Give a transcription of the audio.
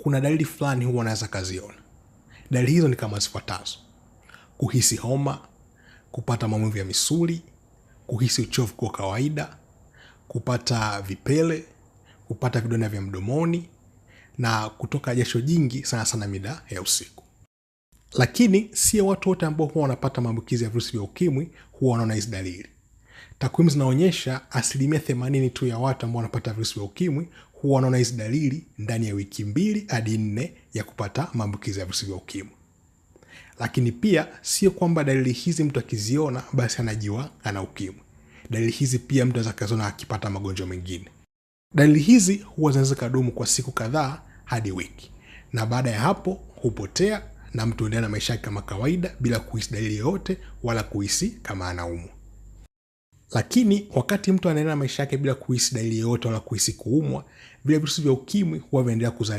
kuna dalili fulani huwa anaweza kaziona. Dalili hizo ni kama zifuatazo: kuhisi homa, kupata maumivu ya misuli, kuhisi uchovu kwa kawaida, kupata vipele, kupata vidonda vya mdomoni na kutoka jasho jingi sana sana mida ya usiku. Lakini sio watu wote ambao huwa wanapata maambukizi ya virusi vya ukimwi huwa wanaona hizi dalili takwimu zinaonyesha asilimia themanini tu ya watu ambao wanapata virusi vya ukimwi huwa wanaona hizi dalili ndani ya wiki mbili hadi nne ya kupata maambukizi ya virusi vya ukimwi. Lakini pia sio kwamba dalili hizi mtu akiziona basi anajua ana ukimwi. Dalili hizi pia mtu anaweza kaziona akipata magonjwa mengine. Dalili hizi huwa zinaweza kadumu kwa siku kadhaa hadi wiki, na baada ya hapo hupotea na mtu endelea na maisha yake kama kawaida bila kuhisi dalili yoyote wala kuhisi kama anaumwa. Lakini wakati mtu anaenda maisha yake bila kuhisi dalili yoyote wala kuhisi kuumwa, vile virusi vya ukimwi huwa vinaendelea kuzalia.